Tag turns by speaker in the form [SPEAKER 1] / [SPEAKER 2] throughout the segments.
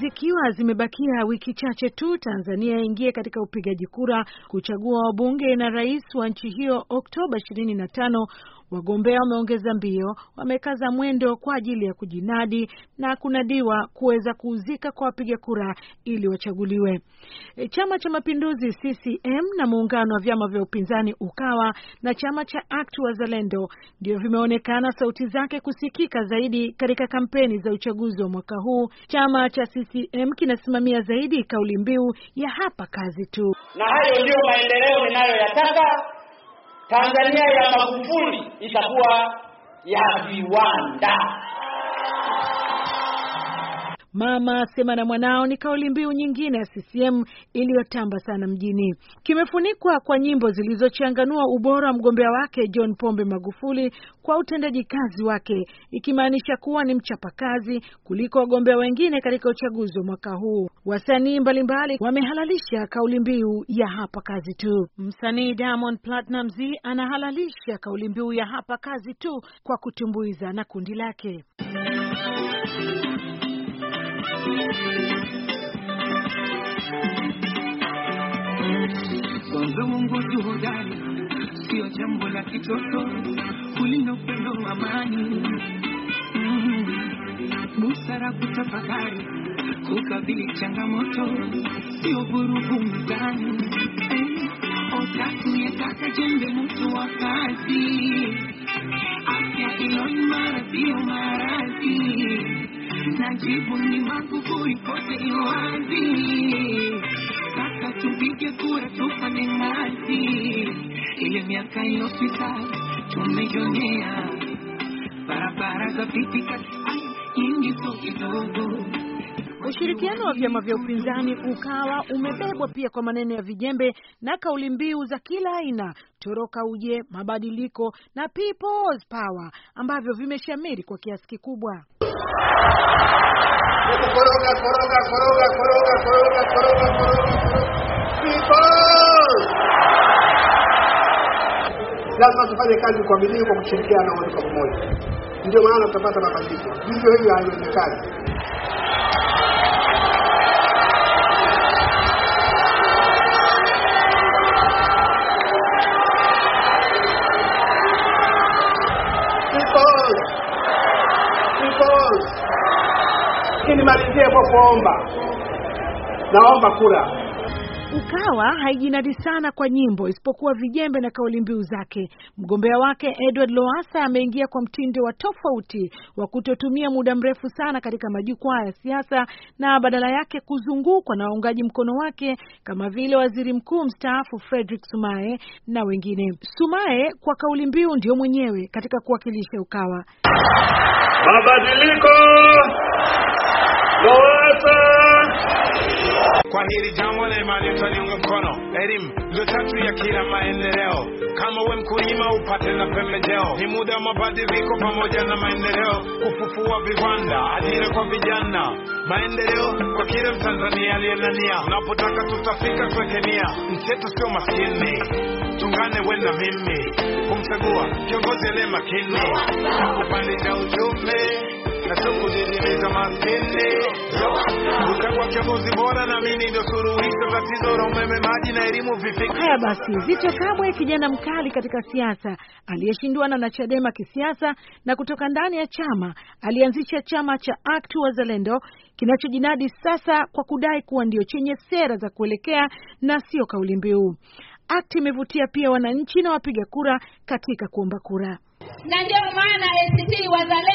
[SPEAKER 1] Zikiwa zimebakia wiki chache tu Tanzania ingie katika upigaji kura kuchagua wabunge na rais wa nchi hiyo Oktoba 25 Wagombea wameongeza mbio, wamekaza mwendo kwa ajili ya kujinadi na kunadiwa kuweza kuuzika kwa wapiga kura ili wachaguliwe. E, chama cha Mapinduzi CCM na muungano wa vyama vya upinzani Ukawa na chama cha ACT Wazalendo ndio vimeonekana sauti zake kusikika zaidi katika kampeni za uchaguzi wa mwaka huu. Chama cha CCM kinasimamia zaidi kauli mbiu ya hapa kazi tu, na hayo ndiyo maendeleo ninayoyataka Tanzania ya Magufuli itakuwa ya viwanda. Mama sema na mwanao ni kauli mbiu nyingine ya CCM iliyotamba sana mjini. Kimefunikwa kwa nyimbo zilizochanganua ubora wa mgombea wake John Pombe Magufuli kwa utendaji kazi wake, ikimaanisha kuwa ni mchapakazi kuliko wagombea wengine katika uchaguzi wa mwaka huu. Wasanii mbalimbali wamehalalisha kauli mbiu ya hapa kazi tu. Msanii Diamond Platnumz anahalalisha kauli mbiu ya hapa kazi tu kwa kutumbuiza na kundi lake Kwanza Mungu tu hodari, sio jambo la kitoto, kulinda upendo, amani, mm-hmm. busara, kutafakari, kukabili changamoto, sio vurugu mtaani. Eh, Otatu yataka jembe, mtu wa kazi, afya iliyo imara, sio maradhi Jibu ni Magufuli kote iwazi, sasa tupige kura tufanye kazi. Ile miaka iliyopita tumejionea barabara za kati ingi so kidogo. Ushirikiano wa vyama vya upinzani ukawa umebebwa pia kwa maneno ya vijembe na kauli mbiu za kila aina, toroka uje, mabadiliko na people's power ambavyo vimeshamiri kwa kiasi kikubwa koroga koroga koroga koroga koroga koroga koroga people lazima tufanye kazi kwa bidii kwa kushirikiana wote kwa pamoja ndio maana tutapata mabadiliko hivyo hivyo haiwezekani lakini malizie kwa kuomba, naomba kura. Ukawa haijinadi sana kwa nyimbo isipokuwa vijembe na kauli mbiu zake. Mgombea wake Edward Lowassa ameingia kwa mtindo wa tofauti wa kutotumia muda mrefu sana katika majukwaa ya siasa na badala yake kuzungukwa na waungaji mkono wake kama vile waziri mkuu mstaafu Frederick Sumaye na wengine. Sumaye kwa kauli mbiu ndio mwenyewe katika kuwakilisha Ukawa mabadiliko Lowassa. Kwa hili jambo na imani utaniunga mkono. Elimu ndio chachu ya kila maendeleo. Kama we mkulima upate na pembejeo, ni muda wa mabadiliko pamoja na maendeleo, kufufua viwanda, ajira kwa vijana, maendeleo kwa kila Mtanzania aliye na nia. Unapotaka tutafika, tuweke nia. Nchi yetu sio maskini, tungane we na mimi kumchagua kiongozi aliye makini, kupandisha uchumi na sio kudidimiza maskini. Utagwa kiongozi bora na mimi ndio suluhisho tatizo la umeme, maji na elimu vifiki. Haya basi, Zitto Kabwe kijana mkali katika siasa aliyeshindwana na Chadema kisiasa na kutoka ndani ya chama, alianzisha chama cha ACT Wazalendo kinachojinadi sasa kwa kudai kuwa ndio chenye sera za kuelekea na sio kauli mbiu. ACT imevutia pia wananchi na wapiga kura katika kuomba kura, na ndio maana ACT Wazalendo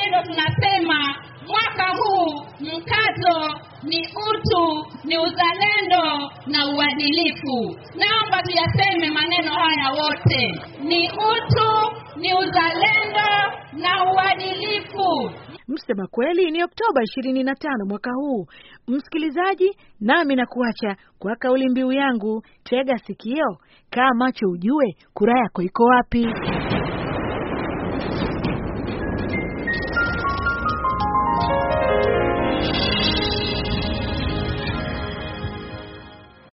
[SPEAKER 1] uadilifu. Naomba tuyaseme maneno haya wote, ni utu, ni uzalendo na uadilifu. Msema kweli ni Oktoba 25 mwaka huu. Msikilizaji, nami nakuacha kwa kauli mbiu yangu, tega sikio, kaa macho, ujue kura yako iko wapi.